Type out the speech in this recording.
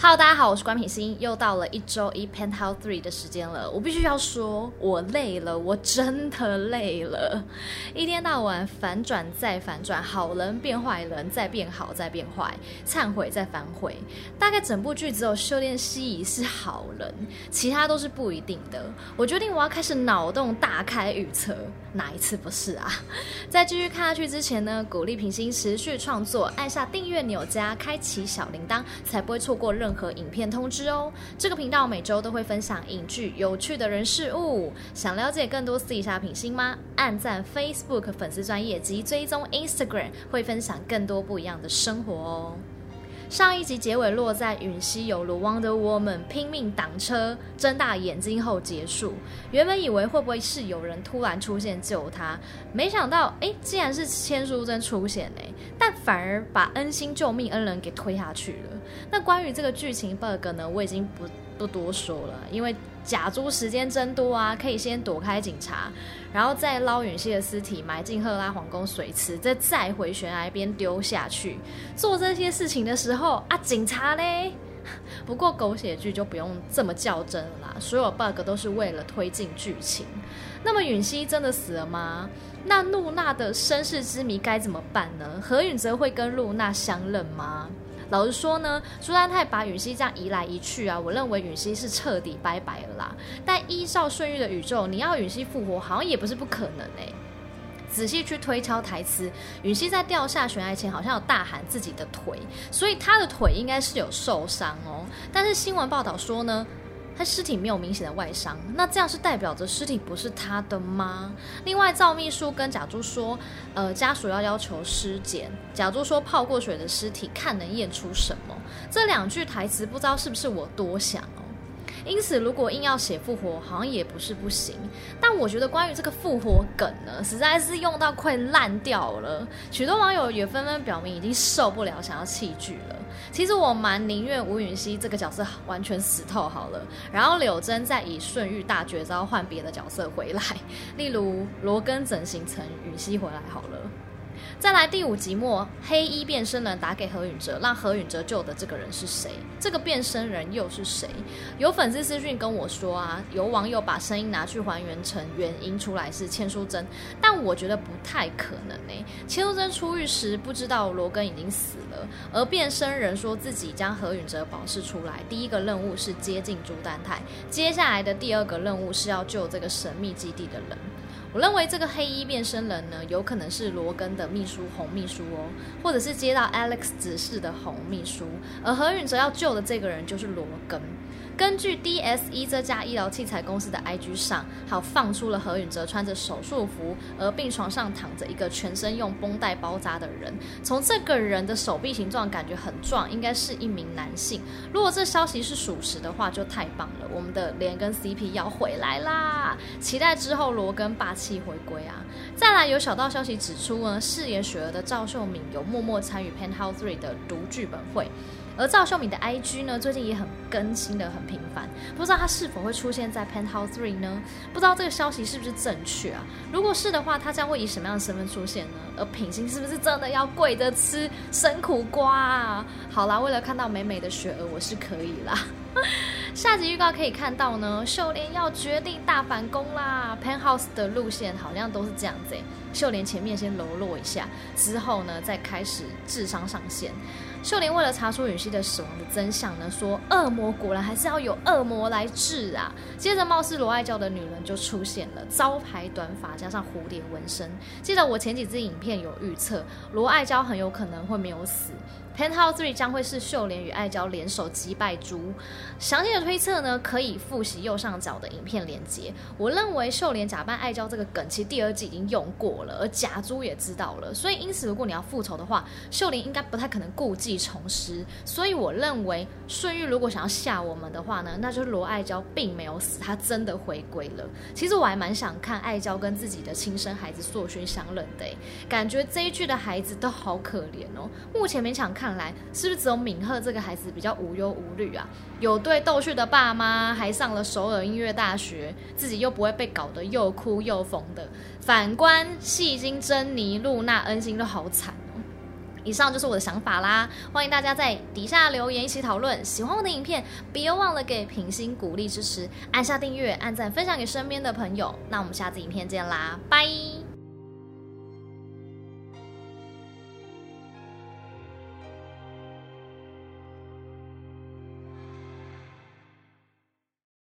Hello，大家好，我是官品心。又到了一周一 Penthouse Three 的時間了，我必須要說，我累了，我真的累了，一天到晚反轉再反轉，好人變壞人再變好再變壞，懺悔再反悔，大概整部劇只有修煉西儀是好人，其他都是不一定的。我決定我要開始腦洞大開預測，哪一次不是啊？在繼續看下去之前呢，鼓勵品心持續創作，按下訂閱鈕加，開啟小鈴鐺，才不會錯過任任何影片通知哦！這個頻道每周都會分享影劇有趣的人事物。想了解更多私底下品心嗎？按贊 Facebook 粉絲專頁及追蹤 Instagram，會分享更多不一樣的生活哦。上一集結尾落在允熙有如 Wonder Woman，拼命擋車，睜大眼睛後結束。原本以為會不會是有人突然出現救她，沒想到，哎、欸，竟然是千書珍出現，哎、欸，但反而把恩星救命恩人給推下去了。那關於這個劇情 bug 呢，我已經不。不多說了，因為假豬時間真多啊，可以先躲開警察，然後再撈允熙的屍體埋進赫拉皇宮水池，再再回懸崖邊丟下去。做這些事情的時候啊，警察呢？不過狗血劇就不用這麼較真了啦，所有 bug 都是為了推進劇情。那麼允熙真的死了嗎？那露娜的身世之謎該怎麼辦呢？河允哲會跟露娜相認嗎？老實說呢，朱丹泰把允熙這樣移來移去啊，我認為允熙是徹底拜拜了啦。但依照順玉的宇宙，你要允熙復活好像也不是不可能哎、欸。仔細去推敲台詞，允熙在掉下懸崖前好像有大喊自己的腿，所以他的腿應該是有受傷哦。但是新聞報道說呢。他屍體沒有明顯的外傷，那這樣是代表着屍體不是他的嗎？另外，趙祕書跟假朱說，呃，家屬要要求屍檢。假朱說泡過水的屍體看能驗出什麼。這兩句台詞不知道是不是我多想哦。因此，如果硬要寫復活，好像也不是不行。但我覺得關於這個復活梗呢，實在是用到快爛掉了。許多網友也紛紛表明已經受不了，想要棄劇了。其實我蠻寧願吳允熙這個角色完全死透好了，然後柳真再以順玉大絕招換別的角色回來，例如羅根整形成允熙回來好了。再來第五集末，黑衣變聲人打給河允哲，讓河允哲救的這個人是誰？這個變聲人又是誰？有粉絲私訊跟我說啊，有網友把聲音拿去還原成原音，出來是千書珍。但我覺得不太可能呢、欸。千書珍出獄時不知道羅根已經死了，而變聲人說自己將河允哲保釋出來，第一個任務是接近朱丹泰，接下來的第二個任務是要救這個神秘基地的人。我認為這個黑衣變聲人呢，有可能是羅根的秘書紅秘書哦，或者是接到 Alex 指示的紅秘書，而河允哲要救的這個人就是羅根。根據 D S E 這家醫療器材公司的 I G 上，好放出了河允哲穿着手術服，而病床上躺着一個全身用繃帶包紮的人。從這個人的手臂形狀，感覺很壯，應該是一名男性。如果這消息是屬實的話，就太棒了！我們的連根 C P 要回來啦，期待之後羅根霸氣回歸啊！再來，有小道消息指出呢，飾演雪兒的趙秀敏有默默參與《Penthouse 3》的讀劇本會，而趙秀敏的 I G 呢，最近也很更新的很。平凡不知道他是否會出現在 Penthouse 3呢？不知道這個消息是不是正確啊？如果是的話，他將會以什麼樣的身份出現呢？而品心是不是真的要跪着吃生苦瓜啊？好啦，為了看到美美的雪娥，我是可以啦。 下集預告可以看到呢，秀蓮要決定大反攻啦！Penthouse 的路線好像都是這樣子、欸秀蓮前面先柔弱一,一下，之後呢再開始智商上線。秀蓮為了查出允熙的死亡的真相呢，說惡魔果然還是要有惡魔來治啊。接着，貌似羅愛嬌的女人就出現了，招牌短髮加上蝴蝶紋身。記得我前幾支影片有預測，羅愛嬌很有可能會沒有死。Penthouse 3將會是秀蓮與愛嬌聯手擊敗豬。詳細的推測呢，可以復習右上角的影片鏈接。我認為秀蓮假扮愛嬌這個梗，其實第二季已經用過。而假珠也知道了，所以因此，如果你要復仇的話，秀玲應該不太可能故伎重施。所以我認為，順玉如果想要嚇我們的話呢，那就是羅愛嬌並沒有死，她真的回歸了。其實我還蠻想看愛嬌跟自己的親生孩子碩勳相認的，哎，感覺這一劇的孩子都好可憐哦。目前勉強看來，是不是只有敏赫這個孩子比較無憂無慮啊？有對逗趣的爸媽，還上了首爾音樂大學，自己又不會被搞得又哭又瘋的。反觀。戲精珍妮、露娜、恩星都好慘哦！以上就是我的想法啦，歡迎大家在底下留言一起討論。喜歡我的影片，別忘了給品心鼓勵支持，按下訂閱、按讚、分享給身邊的朋友。那我們下次影片見啦，拜！